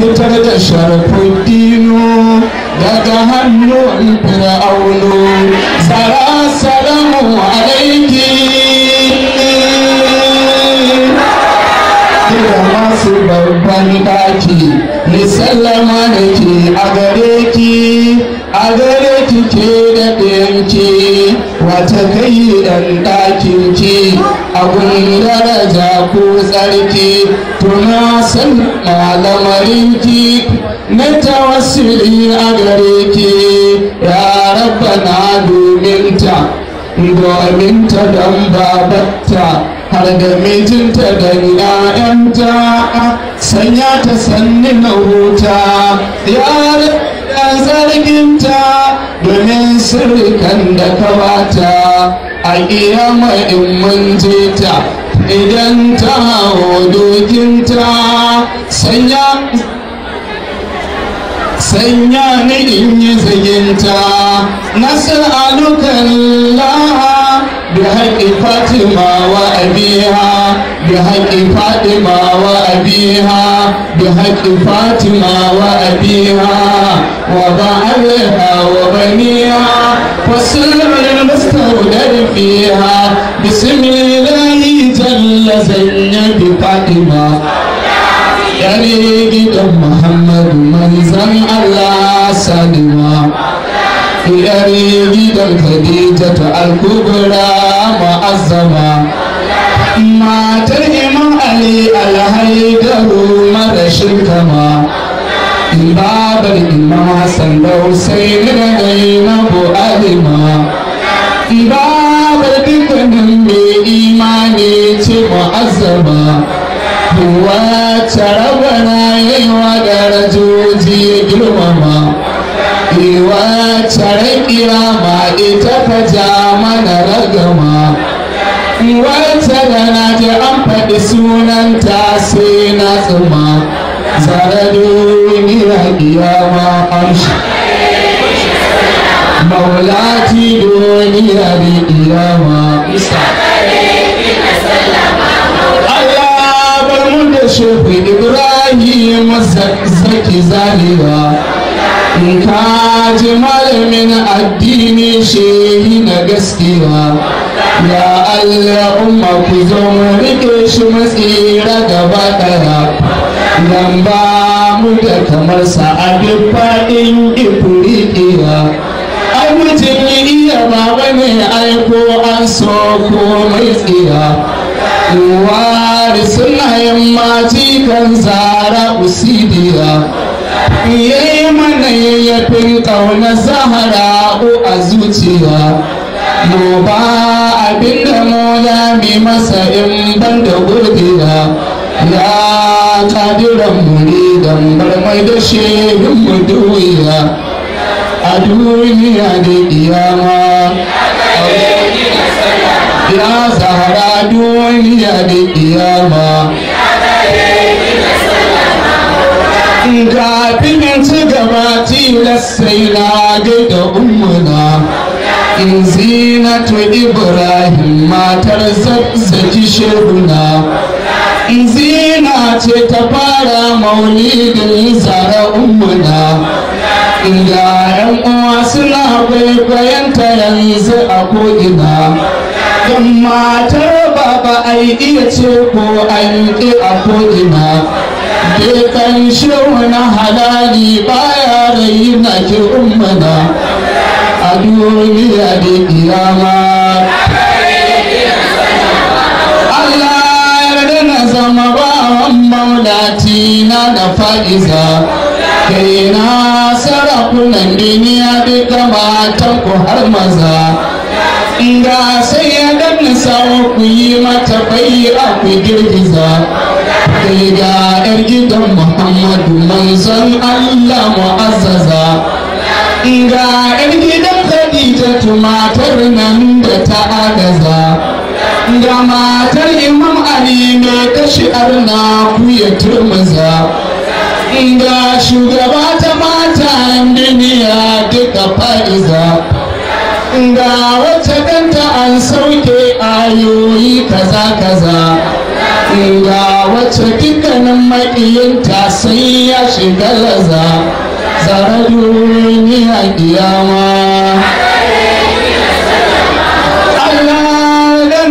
fitar da sharfuddino daga hannun fir'auno tsara salamu alaiki kira masu babban daki ni sallama da ke a gare ki a gare ki ke da ɗayanki wata kai ɗan ɗakin ki abun daraja ko tsarki tuna san malamarinki na tawassuli a gare ki ya rabbana domin ta domin ta don babatta har da mijinta da ‘ya'yanta sanya ta sanni na huta yaran zarginta domin sirrikan da kawata a kiyama in mun ta idan ta hawo dokinta sanya sanya ni in yi zaginta nasir alukallah bi haƙi fatima wa abiha bi haƙi fatima wa abiha bi haƙi fatima wa abiha wa ba'aliha wa baniha fasulmi فيها بسم الله جل زينب فاطمة يلي جدم محمد منزل الله سلمة يلي جدم خديجة الكبرى معظمة ما ترهم علي الهيدر مرش الكما باب الإمام حسن لو سيدنا زينب ألمة باب iwata rabana yawa da rajoji ya girmama iwata rakira ma ita ta ja mana ragama iwata da na ji an faɗi sunanta sai na tsuma sarari ya kiyama amshi maulati ya ƙiya ma. shehu ibrahim zaki zalewa in ka ji malamin addini shehi na gaskiya. ya allah umma ku zo mu rike shi matsira gaba daya nan ba mu da kamar sa a duk faɗin ifirikiya ai iya baba ne aiko an so mai tsira anwar suna yammaci kan zara usidiya yayi mana yayyafin ƙaunar zahara'u a zuciya mo ba abinda mu zami masa in ban da gurdiya ya kadiran muridan barmai da shehin mu duwiya a duniya da iyama ya sahara duniya da kiyama kafin in ci gaba tilas na gaida ummuna in zinatu ibrahim matar zazzaki shehuna in zina ce ta fara maulidin zara ummuna inda yan uwa suna kwaikwayanta yanzu a ko'ina in matar baba ai iya ce ko an ƙi a ko'ina ke kan shehu na halali baya rayu na ke ummana a duniya da kiyama Allah na zama bawan maulati na da fa'iza kai na sarakunan duniya duka matan ku har maza dawo ku yi mata bai'a ku girgiza kai ga yar gidan muhammadu manzon allah mu'azzaza ga yar gidan khadija tumatar nan da ta agaza ga matar imam ali ta kashi arna ku ya turmaza ga shugaba ta mata duniya duka fa'iza ga wacce danta an sauke ayoyi kaza kaza ga wacce dukkanin maƙiyinta sai ya shiga laza zara yi a kiyama Allah da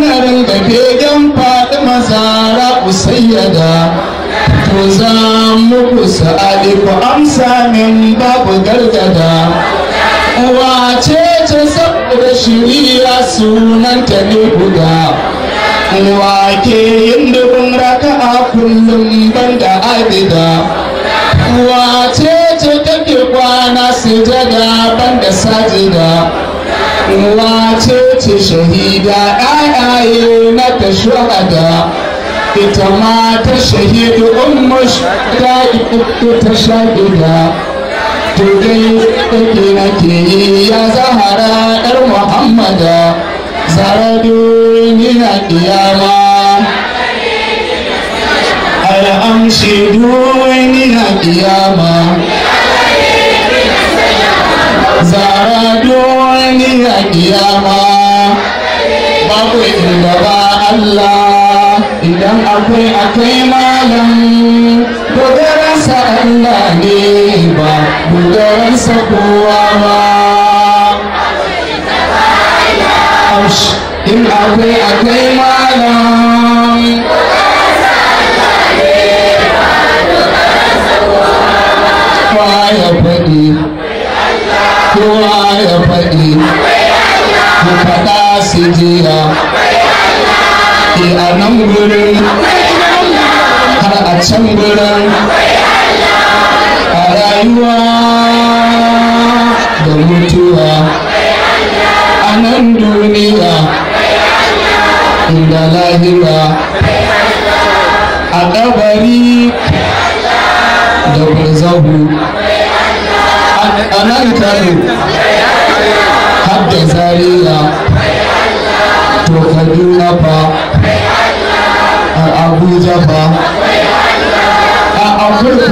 faɗi to za muku sa'adi ku amsa min babu gargada shiriya sunanta ne guda wake yin dubin a kullum banda abida wace ce take kwana su sujada banda sajida wace ce shahida ayaye na ta shuhada ita ma ta shahidu ummu ta ta shahida tudai ɗauki nake yi ya zahara ɗar muhammada sarari ni na ƙiyama al'amshi duni na ƙiyama zara duni na ƙiyama babu inda ba Allah idan akwai akwai malam sa Allah ne Mudança kowa In akwai akwai malam Kowa ya faɗi Ku faɗa su jiya Ke a nan gurin Har a can gurin rayuwa da mutuwa a nan duniya inda lahira a kabari da barzahu a nan tare zariya to kaduna fa a abuja fa a afirka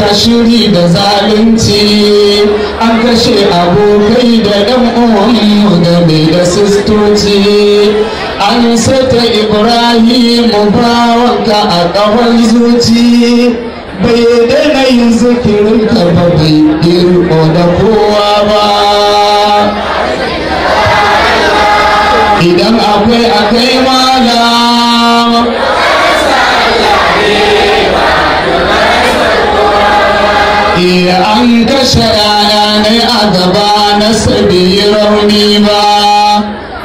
ta shiri da zalunci an kashe abokai da ɗan uwanmu game da sistoci an sata ibrahim bawanka a ƙawar zuci bai daina yi. ce an kashe yaya ne a gaba na sabi rauni ba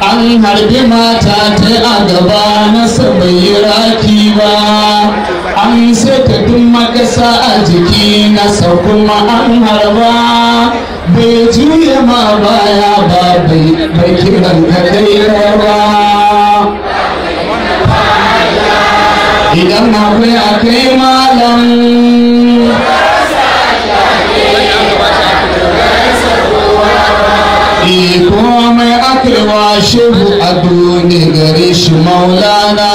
an harbi mata ta a gaba na sabi raki ba an saka duk makasa a jiki nasa kuma an harba bai juya ma baya ba bai kiran ka kai ba idan akwai akai malam gari kuma mai akewa shehu a duni gare shi maulana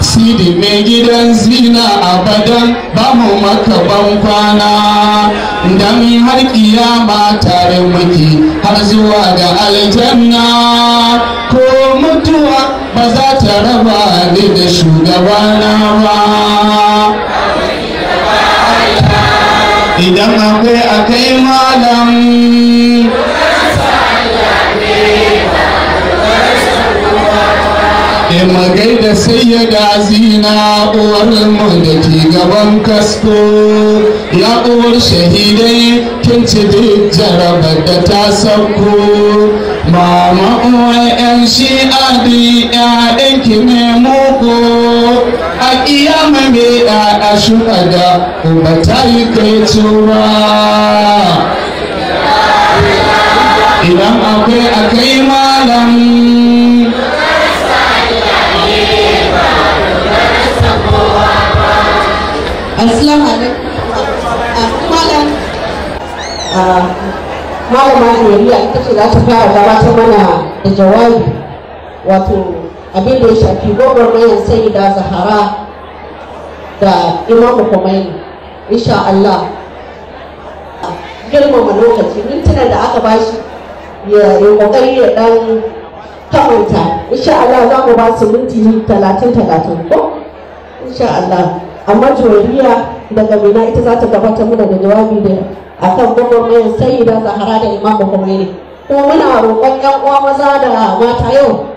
sidi mai gidan zina abadan ba mu maka ban kwana dan har kiyama tare muke har zuwa ga aljanna ko mutuwa ba za ta raba ni da shugabana ba idan akwai akai malam magai da sayya da uwar mu da ke gaban kasko ya uwar shahidai kin ci da jarabar da ta sauko mama uwar yan shi'a da ƴaƴan ki ne muku a mai da shuka da uba ta yi kai tuwa idan akwai akai malam Assalamu alaikum. Ah, ita ce za ta fara gabatar mana da jawabi wato abin da ya shafi gwagwarmayar sai da zahara ah, da girmama lokaci mintuna da aka bashi ya ya za mu ba su minti talatin talatin ko Allah amma joriya daga mina ita za ta gabata muna da jawabi da akan gwagwarmayar sayyida zahara da imamu ne ko muna roƙon 'yan uwa maza da mata yau